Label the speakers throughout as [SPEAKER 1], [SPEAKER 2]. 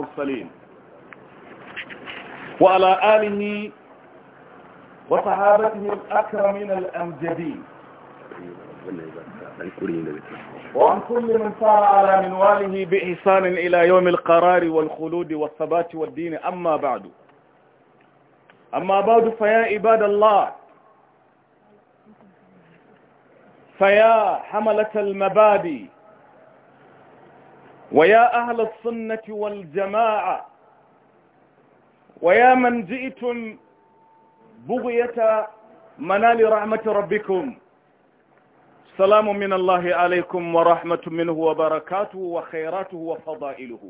[SPEAKER 1] المرسلين وعلى آله وصحابته الأكرمين الأمجدين وعن كل من صار على منواله بإحسان إلى يوم القرار والخلود والثبات والدين أما بعد أما بعد فيا عباد الله فيا حملة المبادئ ويا أهل السنة والجماعة ويا من جئتم بغية منال رحمة ربكم سلام من الله عليكم ورحمة منه وبركاته وخيراته وفضائله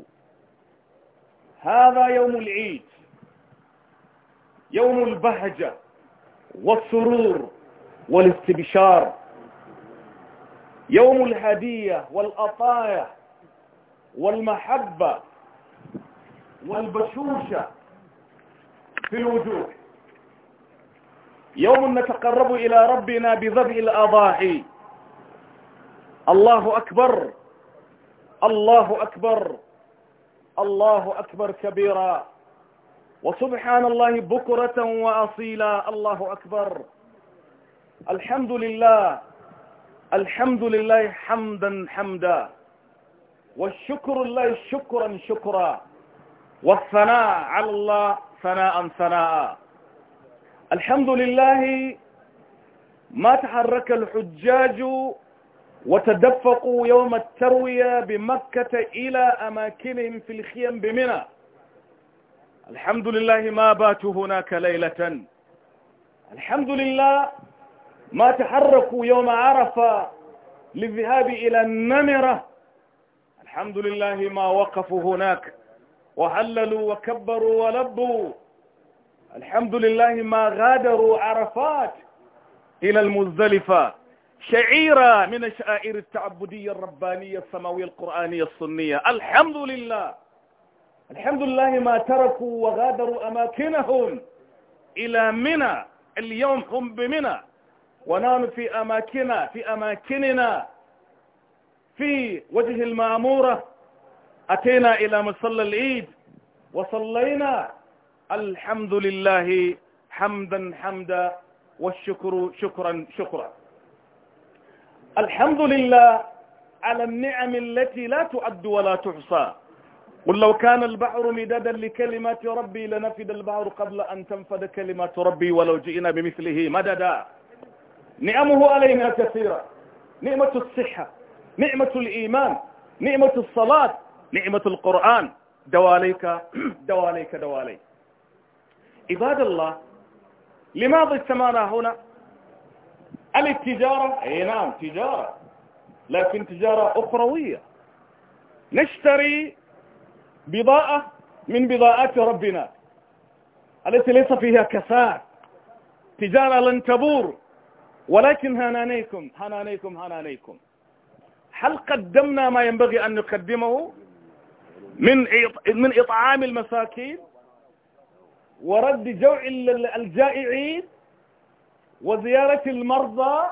[SPEAKER 1] هذا يوم العيد يوم البهجة والسرور والاستبشار يوم الهدية والأطايا والمحبة والبشوشة في الوجوه يوم نتقرب إلى ربنا بذبح الأضاحي الله أكبر الله أكبر الله أكبر كبيرا وسبحان الله بكرة وأصيلا الله أكبر الحمد لله الحمد لله حمدا حمدا والشكر لله شكرا شكرا والثناء على الله ثناء ثناء الحمد لله ما تحرك الحجاج وتدفقوا يوم التروية بمكة إلى أماكنهم في الخيم بمنى الحمد لله ما باتوا هناك ليلة الحمد لله ما تحركوا يوم عرفة للذهاب إلى النمرة الحمد لله ما وقفوا هناك وهللوا وكبروا ولبوا الحمد لله ما غادروا عرفات إلى المزدلفة شعيرة من الشعائر التعبدية الربانية السماوية القرآنية السنية الحمد لله الحمد لله ما تركوا وغادروا أماكنهم إلى منى اليوم هم بمنى ونحن في أماكننا في أماكننا في وجه المامورة أتينا إلى مصلى العيد وصلينا الحمد لله حمدا حمدا والشكر شكرا شكرا الحمد لله على النعم التي لا تعد ولا تحصى قل لو كان البحر مدادا لكلمات ربي لنفد البحر قبل أن تنفد كلمات ربي ولو جئنا بمثله مددا نعمه علينا كثيرة نعمة الصحة نعمة الإيمان نعمة الصلاة نعمة القرآن دواليك دواليك دواليك عباد الله لماذا اجتمعنا هنا التجارة اي نعم تجارة لكن تجارة أخروية نشتري بضاعة من بضاعات ربنا التي ليس فيها كساد تجارة لن تبور ولكن هنانيكم هنانيكم هنانيكم هل قدمنا ما ينبغي أن نقدمه من من إطعام المساكين ورد جوع الجائعين وزيارة المرضى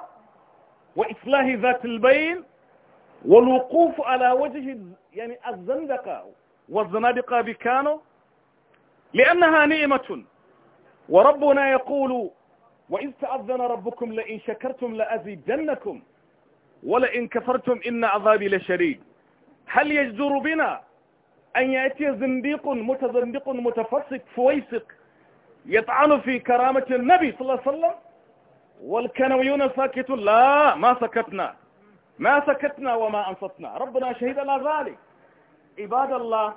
[SPEAKER 1] وإصلاح ذات البين والوقوف على وجه يعني الزندقة والزنادقة بكانوا لأنها نعمة وربنا يقول وإذ تأذن ربكم لئن شكرتم لأزيدنكم ولئن كفرتم إن عذابي لشديد هل يجدر بنا أن يأتي زنديق متزنديق متفسق فويسق يطعن في كرامة النبي صلى الله عليه وسلم والكنويون ساكتون لا ما سكتنا ما سكتنا وما أنصتنا ربنا شهد لنا ذلك عباد الله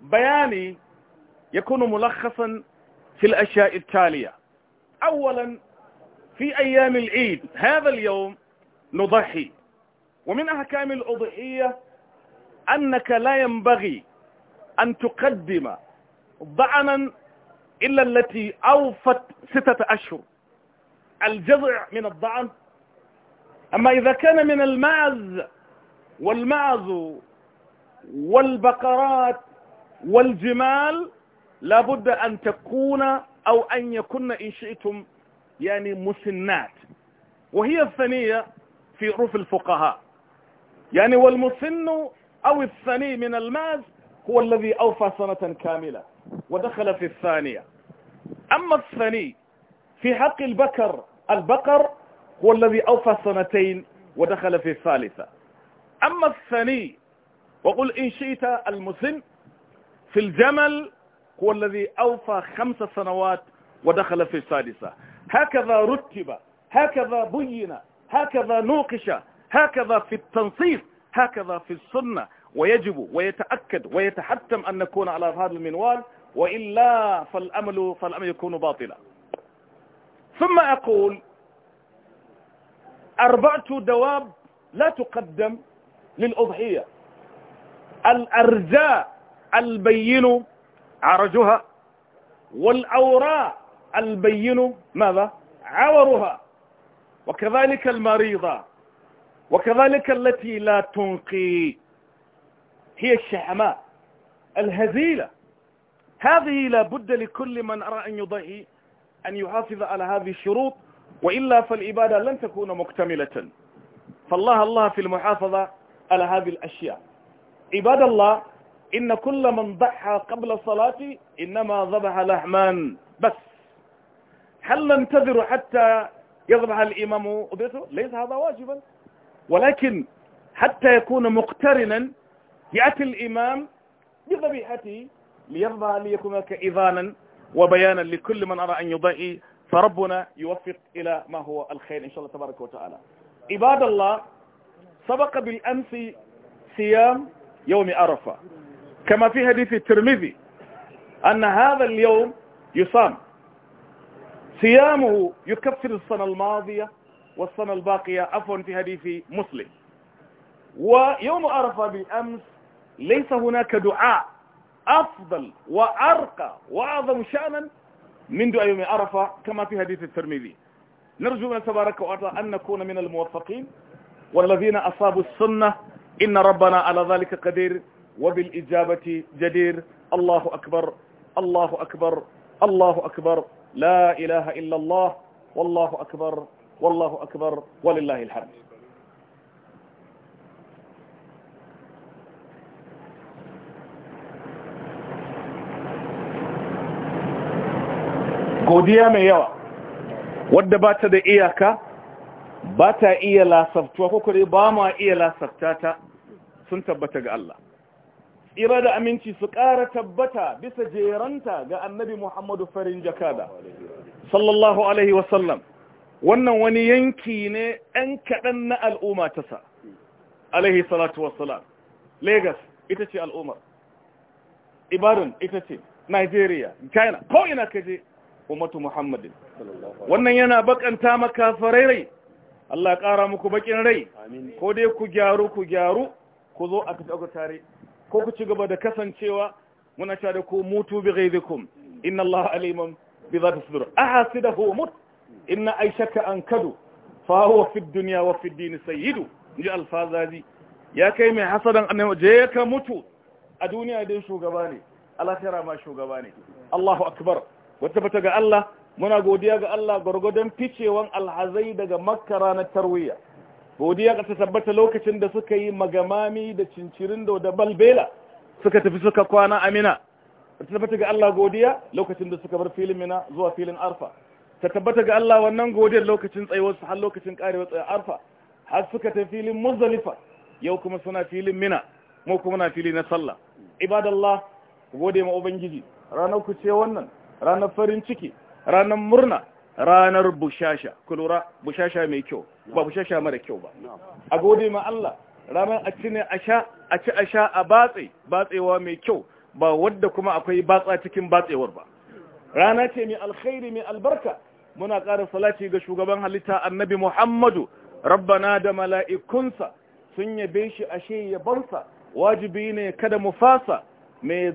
[SPEAKER 1] بياني يكون ملخصا في الأشياء التالية أولا في أيام العيد هذا اليوم نضحي ومن أحكام الأضحية أنك لا ينبغي أن تقدم ضعنا إلا التي أوفت ستة أشهر الجذع من الضعن أما إذا كان من المعز والمعز والبقرات والجمال لابد أن تكون أو أن يكون إن شئتم يعني مسنات وهي الثانية في عرف الفقهاء يعني والمسن أو الثاني من الماز هو الذي أوفى سنة كاملة ودخل في الثانية أما الثاني في حق البكر البقر هو الذي أوفى سنتين ودخل في الثالثة أما الثاني وقل إن شئت المسن في الجمل هو الذي أوفى خمس سنوات ودخل في السادسة هكذا رتب هكذا بين هكذا نوقش هكذا في التنصيف هكذا في السنة ويجب ويتأكد ويتحتم أن نكون على هذا المنوال وإلا فالأمل فالأمل يكون باطلا ثم أقول أربعة دواب لا تقدم للأضحية الأرجاء البين عرجها والأوراء البين ماذا عورها وكذلك المريضة وكذلك التي لا تنقي هي الشحماء الهزيلة هذه لابد لكل من أرى أن يضحي أن يحافظ على هذه الشروط وإلا فالعبادة لن تكون مكتملة فالله الله في المحافظة على هذه الأشياء عباد الله إن كل من ضحى قبل الصلاة إنما ذبح لحما بس هل ننتظر حتى يذبح الإمام وبيته ليس هذا واجبا ولكن حتى يكون مقترنا يأتي الإمام بذبيحته ليرضى ليكون كإذانا وبيانا لكل من أرى أن يضيء فربنا يوفق إلى ما هو الخير إن شاء الله تبارك وتعالى عباد الله سبق بالأمس صيام يوم عرفة كما في حديث الترمذي أن هذا اليوم يصام صيامه يكفر السنة الماضية والسنة الباقية عفوا في حديث مسلم ويوم عرفة بالأمس ليس هناك دعاء أفضل وأرقى وأعظم شأنا من دعاء يوم عرفة كما في حديث الترمذي نرجو من تبارك وتعالى أن نكون من الموفقين والذين أصابوا السنة إن ربنا على ذلك قدير وبالإجابة جدير الله أكبر الله أكبر الله أكبر لا إله إلا الله والله أكبر والله أكبر ولله الحمد godiya mai yawa wadda ba ta da iyaka ba ta iya lasafta ko kuma ba ma iya lasafta ta sun tabbata ga Allah tsira da aminci su ƙara tabbata bisa jeranta ga annabi Muhammadu farin jakada sallallahu alaihi wasallam wannan wani yanki ne ɗan kaɗan na al'umma ta sa alaihi salatu wasallam Legas ita ce al'ummar Ibadan ita ce Nigeria China ko ina ka je ummatu Muhammadin wannan yana bakanta maka farai Allah ƙara muku bakin rai ko dai ku gyaru ku gyaru ku zo a tafi tare ko ku ci gaba da kasancewa muna cewa da ku mutu bi ghaizikum inna Allah aliman bi zati sudur ahasidahu mut inna aishaka an kadu fa huwa fi dunya wa fi din sayyidu ji alfazazi ya kai mai hasadan annabi je ka mutu a duniya dai shugaba ne alakira ma shugaba ne Allahu akbar wata fata ga Allah muna godiya ga Allah gargadon ficewan alhazai daga makka ranar tarwiyya godiya ka tabbata lokacin da suka yi magamami da cincirin da balbela suka tafi suka kwana amina ta tabbata ga Allah godiya lokacin da suka bar filin mina zuwa filin arfa ta tabbata ga Allah wannan godiyar lokacin tsayuwar su har lokacin karewa tsayuwar arfa har suka tafi filin muzdalifa yau kuma suna filin mina mu kuma na fili na sallah ibadallah gode ma ubangiji ranar ku ce wannan ranar farin ciki ranar murna ranar bushasha kulura bushasha mai kyau ba bushasha mara kyau ba a gode ma Allah ranar a ci ne a ci a sha a batse batsewa mai kyau ba wadda kuma akwai batsa cikin batsewar ba rana ce mai alkhairi mai albarka muna ƙara salati ga shugaban halitta annabi Muhammadu rabbana da mala'ikunsa sun yabe shi ashe yabansa wajibi ne kada mu fasa mai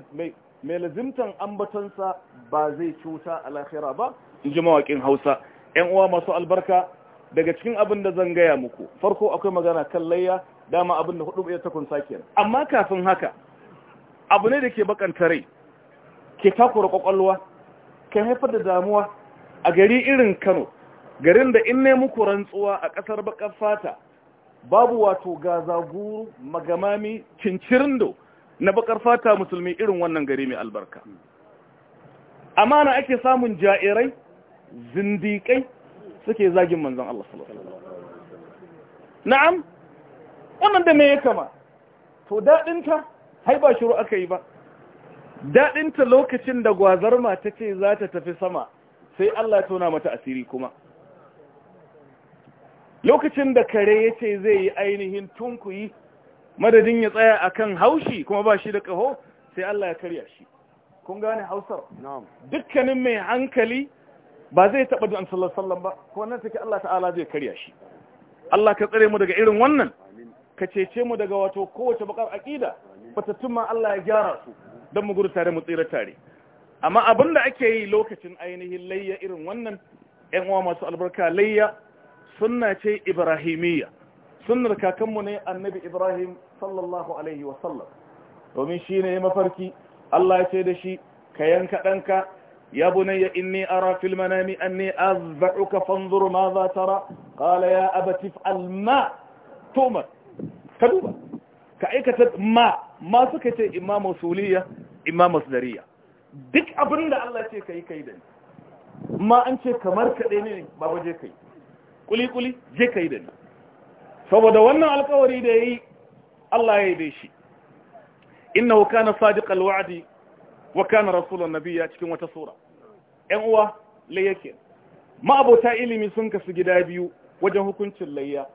[SPEAKER 1] lazimtan ambatonsa ba zai cuta a lahira ba in ji mawaƙin hausa ‘yan uwa masu albarka daga cikin abin da zan gaya muku farko akwai magana kan layya dama abin da hudu ya takun sakiyar amma kafin haka abu ne da ke bakanta rai ke takura kwakwalwa ke haifar da damuwa a gari irin kano garin da in ne muku rantsuwa a ƙasar bakar fata babu wato gazaguru magamami cincirindo na bakar fata musulmi irin wannan gari mai albarka amana ake samun ja'irai Zindikai suke zagin manzan Allah na'am wannan da me ya kama to daɗinta hai ba shiru aka yi ba daɗinta lokacin da gwazar mata ce za ta tafi sama sai Allah tona mata asiri kuma lokacin da kare yace zai yi ainihin tunkuyi madadin ya tsaya akan haushi kuma ba shi da kaho, sai Allah ya karya shi kun gane hausar dukkanin mai hankali ba zai taɓa du'an sallallahu ba ko nan take Allah ta'ala zai karya shi Allah ka tsare mu daga irin wannan ka cece mu daga wato kowace bakar aqida batattun ma Allah ya gyara su don mu gudu tare mu tsira tare amma abin da ake yi lokacin ainihin layya irin wannan ‘yan uwa masu albarka layya sunna ce ibrahimiyya sunnar kakanmu ne annabi ibrahim sallallahu alaihi sallam domin shi ne mafarki Allah ya ce da shi ka yanka ɗanka يا بني إني أرى في المنام أني أذبحك فانظر ماذا ترى قال يا أبا تفعل ما تؤمر كأي كأيكة ما ما سكت إما مسؤولية إما مصدرية دك أبن الله تكي كيدا ما أنت كمر كدني بابا جيكي قولي قولي جيكي دن saboda على alkawari da الله يبيشي إنه كان صادق الوعد wa kana rasulun nabiyya cikin wata sura ɗan uwa layyake ma'abota ilimi sun kasu gida biyu wajen hukuncin layya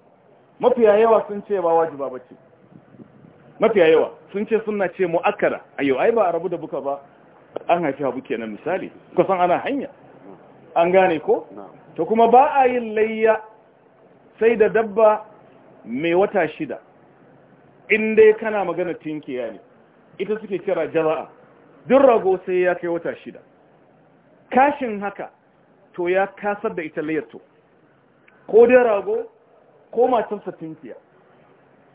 [SPEAKER 1] mafiya yawa sun ce ba wajiba bace mafiya yawa sun ce suna ce mu'akkara ayo ai ba a rabu da buka ba an haifi abu kenan misali kusan ana hanya an gane ko to kuma ba a yin layya sai da dabba mai wata shida in dai kana magana tinkiya ne ita suke kira jara'a duk rago sai ya kai wata shida kashin haka to ya kasar da ita layarto ko dai rago ko matarsa tinkiya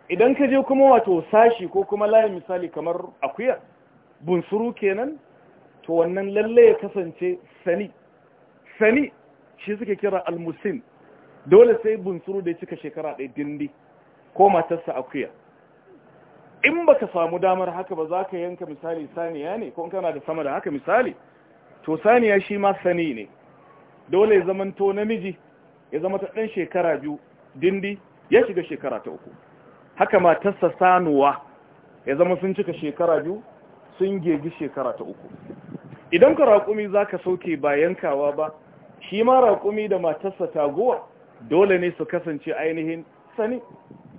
[SPEAKER 1] idan ka je kuma wato sashi ko kuma layin misali kamar akuya bunsuru kenan to wannan lalle ya kasance sani sani shi suke kira almusin dole sai bunsuru da ya cika shekara ɗaya dindi ko matarsa akuya in ba ka samu damar haka ba za ka yanka misali saniya ne ko kana da sama da haka misali to saniya shi ma sani ne dole ya zama to namiji ya zama ta ɗan shekara biyu dindi ya shiga shekara ta uku haka matarsa sanuwa ya zama sun cika shekara biyu sun gegi shekara ta uku idan ka raƙumi za ka sauke ba yankawa ba shi ma raƙumi da matarsa taguwa dole ne su kasance ainihin sani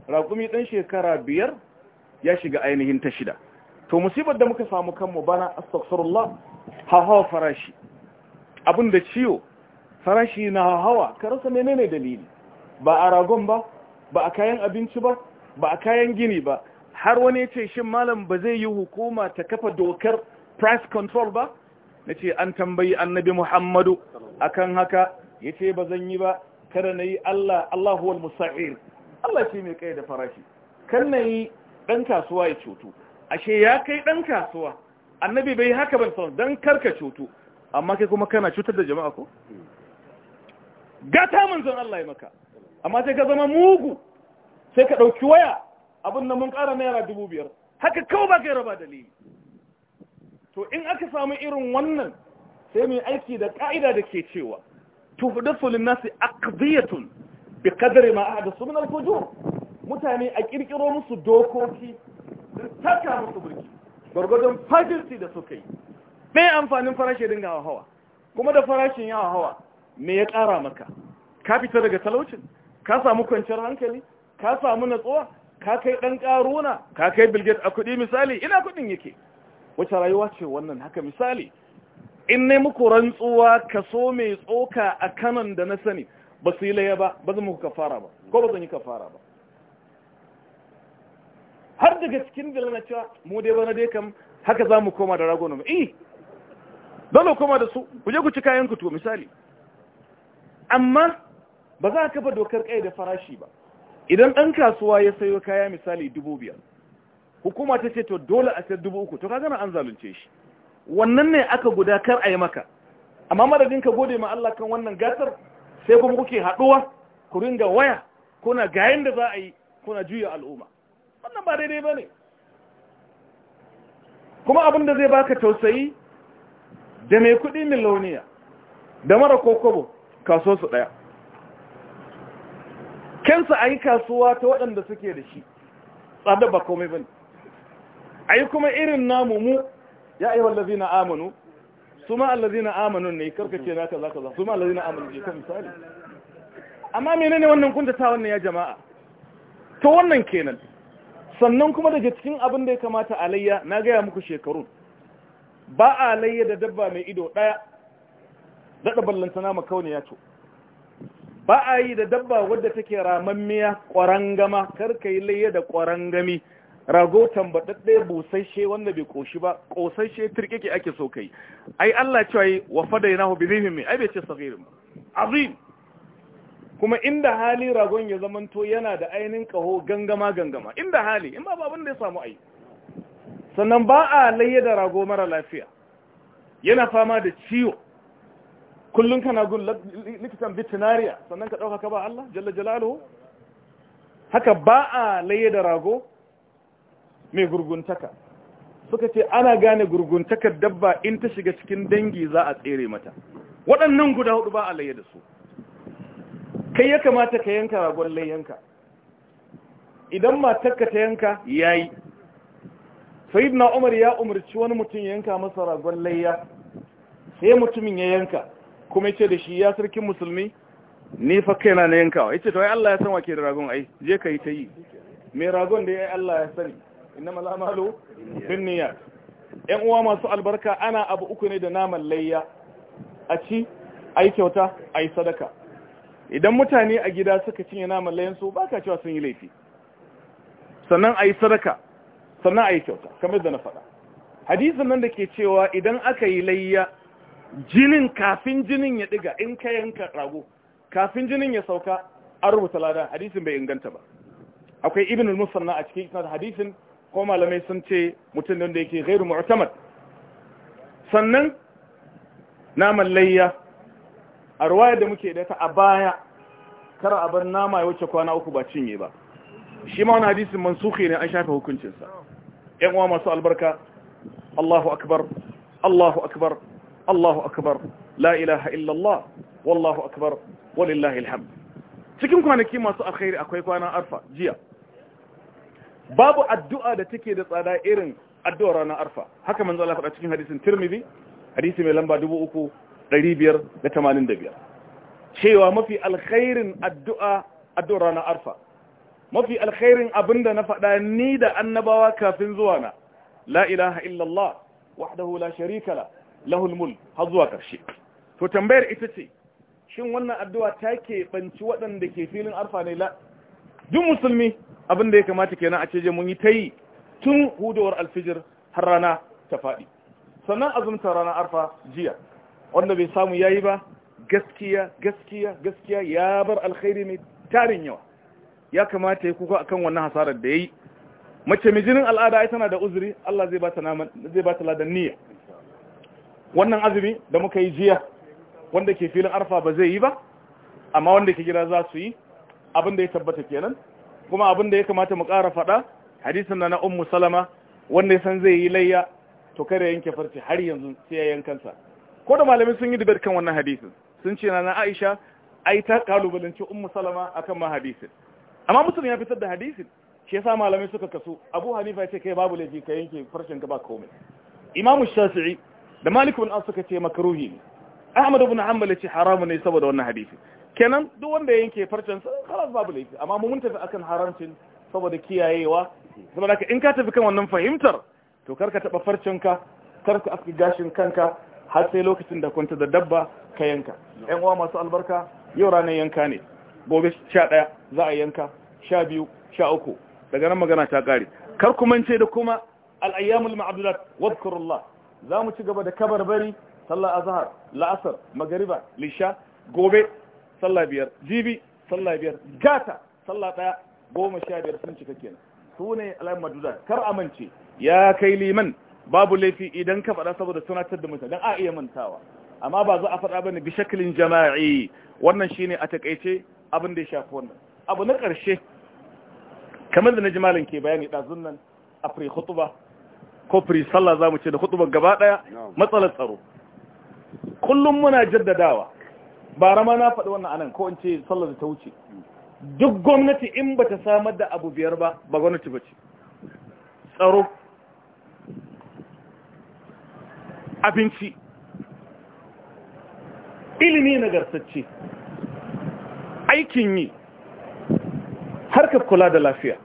[SPEAKER 1] raƙumi ɗan shekara biyar ya shiga ainihin ta shida to musibar da muka samu kanmu bana astaghfirullah hawa farashi Abun da ciyo farashi na hawa ka rasa menene dalili ba a ragon ba ba a kayan abinci ba ba a kayan gini ba har wani ya ce shin malam ba zai yi hukuma ta kafa dokar price control ba na ce an tambayi annabi muhammadu akan haka ya ce ba zan yi ba kada na yi allah allahuwal musa'ir allah ce mai kai da farashi kan na yi dan kasuwa ya cutu ashe ya kai dan kasuwa annabi bai haka ban son dan karka cutu amma kai kuma kana cutar da jama'a ko gata zan Allah ya maka amma sai ka zama mugu sai ka dauki waya abin nan mun ƙara naira dubu biyar haka kawai ba kai raba dalili to in aka samu irin wannan sai mai aiki da ka'ida da ke cewa tuhudatsu linnasi aqdiyatun bi qadri ma ahdathu min al-fujur mutane a kirkiro musu dokoki da taka musu burki gwargwadon fajirci da suka yi mai amfanin farashi dinga hawa kuma da farashin yawa hawa me ya ƙara maka ka fita daga talaucin ka samu kwanciyar hankali ka samu natsuwa ka kai ɗan karuna ka kai bilget a kuɗi misali ina kuɗin yake wacce rayuwa ce wannan haka misali in ne muku rantsuwa ka so mai tsoka a kanan da na sani ba su yi laye ba ba zan muku kafara ba ko ba zan yi kafara ba har daga cikin da na cewa mu dai bana dai kam haka za mu koma da ragon mu eh dole koma da su ku je ku ci kayan ku to misali amma ba za ka ba dokar kai da farashi ba idan ɗan kasuwa ya sayo kaya misali dubu hukuma ta ce to dole a sayar dubu uku to ka gana an zalunce shi wannan ne aka guda kar a yi maka amma madadin ka gode ma Allah kan wannan gasar sai kuma kuke haɗuwa ku ringa waya kuna gayin da za a yi kuna juya al'umma wannan ba daidai ba ne kuma abin da zai baka tausayi da mai kudi miloniya da mara kokobo kaso su daya kensa a yi kasuwa ta waɗanda suke da shi tsada ba komai ba ne a yi kuma irin namu mu ya yi wallazi na amanu su ma allazi na amanu ne karkace na kaza kaza su ma allazi na amanu ne ka misali amma menene wannan kuntatawan ne ya jama'a to wannan kenan sannan kuma daga cikin abin da ya kamata a layya na gaya muku shekarun ba a layya da dabba mai ido ɗaya daɗa ballantana ya to ba a yi da dabba wadda take ramammiya ƙwarangama karka yi layya da ƙwarangami rago tambaɗaɗɗe busasshe wanda bai ƙoshi ba ƙosasshe turkiki ake so kai ai Allah cewa yi wa na hobi zai mai ai bai ce sagirin azim kuma inda hali ragon ya zamanto yana da ainihin kaho gangama gangama inda hali in ba babin da ya samu ai sannan ba a layya da rago mara lafiya yana fama da ciwo kullum kana gun likitan bitinariya sannan ka ɗauka ka ba Allah jalla jalalu haka ba a layya da rago mai gurguntaka suka ce ana gane gurguntakar dabba in ta shiga cikin dangi za a tsere mata waɗannan guda hudu ba a layya da su kai ya kamata ka yanka ragon layyanka idan matarka ta yanka ya sai na umar ya umarci wani mutum ya yanka masa ragon layya sai mutumin ya yanka kuma ce da shi ya sarkin musulmi ni fa kaina na yankawa yace to ai Allah ya san wa ke da ragon ai je ka yi ta yi mai ragon da ya Allah ya sani innama al'amalu bin niyyat ƴan uwa masu albarka ana abu uku ne da naman layya a ci a yi kyauta a yi sadaka idan mutane a gida suka cinye naman layansu ba ka cewa sun yi laifi sannan a yi sadaka sannan a yi kyauta kamar da na faɗa hadisun nan da ke cewa idan aka yi layya jinin kafin jinin ya ɗiga in ka yanka rago kafin jinin ya sauka an rubuta lada hadisun bai inganta ba akwai ibn musamman musanna a cikin isnad hadisin ko malamai sun ce mutum da yake gairu mu'tamad sannan naman layya a ruwaya da muke da ta a baya kar a bar nama ya wuce kwana uku ba cinye ba shi ma wani hadisin mansuhi ne an shafe hukuncinsa ‘yan uwa masu albarka Allahu akbar Allahu akbar Allahu akbar la ilaha illallah wallahu akbar walillahi alhamd cikin kwanaki masu alkhairi akwai kwana arfa jiya babu addu'a da take da tsada irin addu'a ranar arfa haka manzo Allah faɗa cikin hadisin tirmidhi hadisi mai lamba 3585 cewa mafi alkhairin addu'a addu'ar ranar arfa mafi alkhairin abinda na faɗa ni da annabawa kafin zuwa na la ilaha illallah wahdahu la sharika la lahul mul har zuwa ƙarshe to tambayar ita ce shin wannan addu'a ta ke banci waɗanda ke filin arfa ne la duk musulmi abinda ya kamata kenan a ce mun yi ta yi tun hudowar alfijir har rana ta faɗi sannan azumta ranar arfa jiya wanda bai samu ya yi ba gaskiya gaskiya gaskiya ya bar alkhairi mai tarin yawa ya kamata ya kuka akan wannan hasarar da ya yi mace mai jinin al'ada ai tana da uzuri Allah zai bata naman zai bata ladan niyya wannan azumi da muka yi jiya wanda ke filin arfa ba zai yi ba amma wanda ke gida za su yi abin da ya tabbata kenan kuma abin da ya kamata mu ƙara faɗa hadisin na na ummu salama wanda ya san zai yi layya to kare yanke farce har yanzu sai ya yankansa ko da malamin sun yi dubar kan wannan hadisin sun ce na Aisha ai ta kalubalanci ummu salama akan ma amma musulun ya fitar da hadisin shi yasa malamai suka kaso abu hanifa ya ce kai babu laifi ka yanke farshen gaba komai imamu shafi'i da malik bin suka ce makruhi ne ahmad ibn hanbal ce haramu ne saboda wannan hadisi kenan duk wanda ya yanke farcen sa kalas babu laifi amma mu mun tafi akan haramcin saboda kiyayewa saboda in ka tafi kan wannan fahimtar to karka taba farcen ka karka aski gashin kanka har sai lokacin da kwanta da dabba ka yanka ƴan uwa masu albarka yau ranar yanka ne gobe 11 za a yanka 12 13 daga nan magana ta kare kar ku mance da kuma al-ayyamul ma'dudat wadhkurullah za mu ci gaba da kabarbari sallar azhar la'asar magariba lisha gobe sallah biyar jibi sallah biyar gata sallah daya goma sha biyar sun cika kenan su ne alayyamul kar amince ya kai liman babu laifi idan ka faɗa saboda tunatar da mutane a iya mantawa amma ba za a faɗa ba ne bi shaklin jama'i wannan shine a taƙaice abin da ya shafi wannan abu na ƙarshe kamar da na ji malam ke bayani ɗazun nan a firi hutuba ko firi sallah za mu ce da hutubar gaba ɗaya matsalar tsaro kullum muna jaddadawa ba rama na faɗi wannan anan ko in ce sallar da ta wuce duk gwamnati in ba ta samar da abu biyar ba ba gwamnati ba ce tsaro abinci ilimi na nagartacce aikin yi harkar kula da lafiya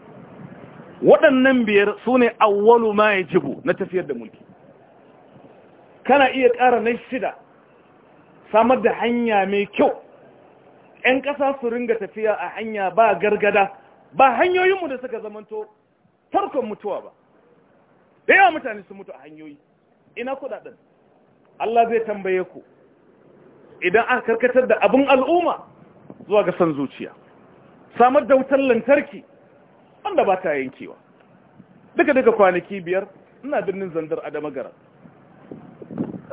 [SPEAKER 1] waɗannan biyar su ne awwalu ma ya jibu na tafiyar da mulki kana iya ƙara na shida samar da hanya mai kyau 'yan ƙasa su ringa tafiya a hanya ba gargada ba hanyoyinmu da suka zamanto farkon mutuwa ba da yawa mutane su mutu a hanyoyi ina kudaden Allah zai tambaye ku idan aka karkatar da abin al'umma zuwa ga san zuciya samar da wutar lantarki wanda ba ta yankewa duka duka kwanaki biyar ina birnin zandar adamagara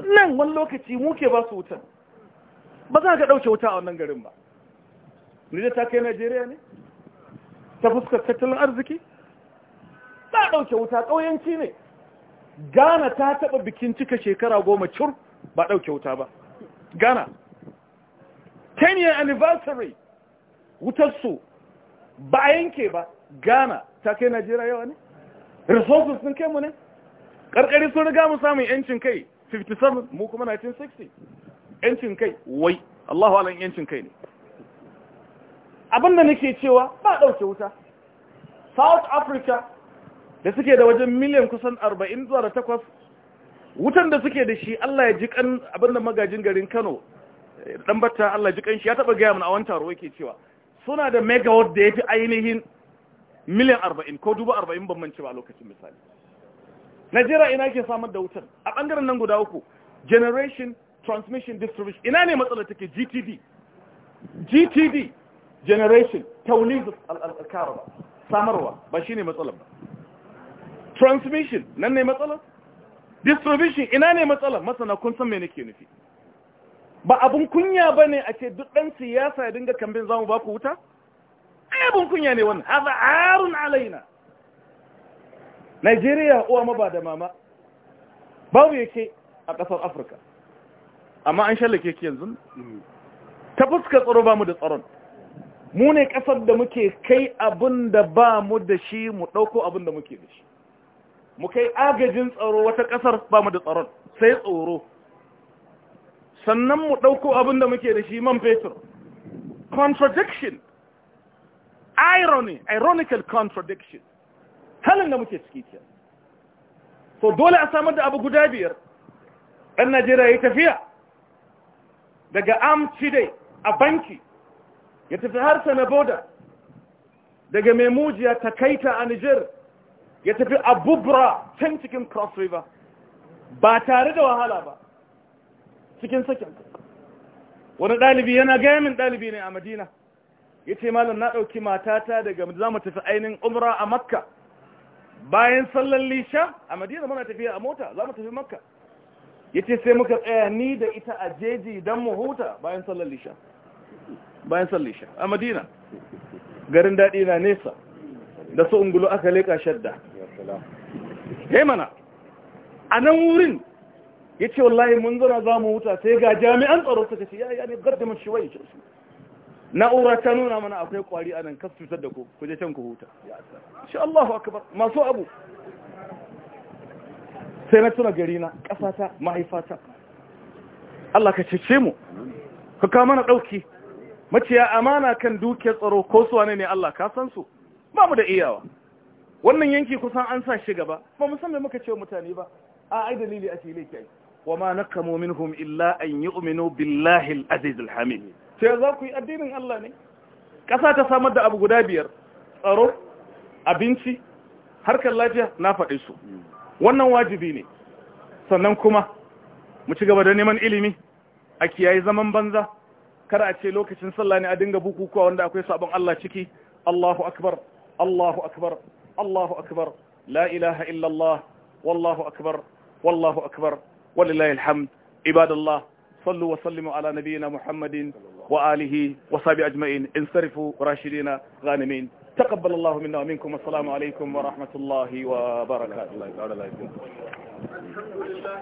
[SPEAKER 1] nan wani lokaci muke ba su wutar ba za ka ɗauke wuta a wannan garin ba nijar ta kai najeriya ne ta fuskar tattalin arziki ta ɗauke wuta ƙauyanci ne Ghana ta taɓa bikin cika shekara goma cur ba ɗauke wuta ba. Ghana, 10-year anniversary wutarsu ba a yanke ba, Ghana ta kai Najeriya yawa ne? Resources sun kai mu ne? Ƙarƙari sun riga mu samun ‘yancin kai 57 mu kuma 1960. ‘Yancin kai, wai, Allahu ala ‘yancin kai ne. Abin da nake cewa ba ɗauke wuta. South Africa da suke da wajen miliyan kusan arba'in zuwa da takwas wutan da suke da shi Allah ya ji kan abin da magajin garin Kano dan batta Allah ya ji kan shi ya taba gaya mana a wani taro yake cewa suna da megawatt da yafi ainihin miliyan arba'in ko dubu 40 bambanci ba a lokacin misali Najeriya ina ke samar da wutan a bangaren nan guda uku generation transmission distribution ina ne matsalar take GTD GTD generation taulid al-karaba samarwa ba shine matsalar ba transmission nan ne matsala? distribution ina ne matsala? masana kun san me nake nufi ba abun kunya ba a ce duk ɗan siyasa ya dinga kambin zamu ba ku wuta? ai abun kunya ne wannan haza arun alaina Najeriya uwa ma ba da mama babu yake a ƙasar Afirka amma an shallake ki yanzu ta fuska tsaro ba mu da tsaron mu ne ƙasar da muke kai abin da ba mu da shi mu ɗauko abin da muke da shi mu kai agajin tsaro wata ƙasar ba mu da tsaron sai tsoro sannan mu ɗauko abin da muke da shi man fetur contradiction irony ironical contradiction halin da muke ciki ce so dole a samar da abu guda biyar ɗan najeriya ya tafiya daga amci dai a banki ya tafi harsa na boda daga memujiya ta kaita a nigeria ya tafi a can cikin cross river ba tare da wahala ba cikin sakin wani dalibi yana gaya dalibi ne a madina ya ce malam na ɗauki matata daga za mu tafi ainihin umra a makka bayan sallar lisha a madina muna tafiya a mota za mu tafi makka ya ce sai muka tsaya ni da ita a jeji don mu huta bayan sallan lisha bayan sallar lisha a madina garin daɗi na nesa da su ungulu aka leka shadda he mana a nan wurin ya ce wallahi mun zana za mu wuta sai ga jami'an tsaro suka ce ya yi ne gardama shi wai ce na'ura ta nuna mana akwai kwari a nan kas cutar da ku ku can ku huta shi Allahu akabar. masu abu sai na tuna gari na ƙasata mahaifata Allah ka cece mu ka kama na ɗauki maciya amana kan dukiyar tsaro ko suwa ne Allah ka san su ba mu da iyawa wannan yanki kusan an sa shi gaba ba mu san me muka ce mutane ba a ai dalili ake laifi ai wa ma nakamu minhum illa an yu'minu billahi al-aziz al-hamid sai za ku yi addinin Allah ne kasa ta samar da abu guda biyar tsaro abinci harkar lafiya na faɗi su wannan wajibi ne sannan kuma mu ci gaba da neman ilimi a kiyaye zaman banza kar a ce lokacin sallah ne a dinga bukukuwa wanda akwai sabon Allah ciki Allahu akbar الله أكبر الله أكبر لا إله إلا الله والله أكبر والله أكبر ولله الحمد عباد الله صلوا وسلموا على نبينا محمد وآله وصحبه أجمعين انصرفوا راشدين غانمين تقبل الله منا ومنكم والسلام عليكم ورحمة الله وبركاته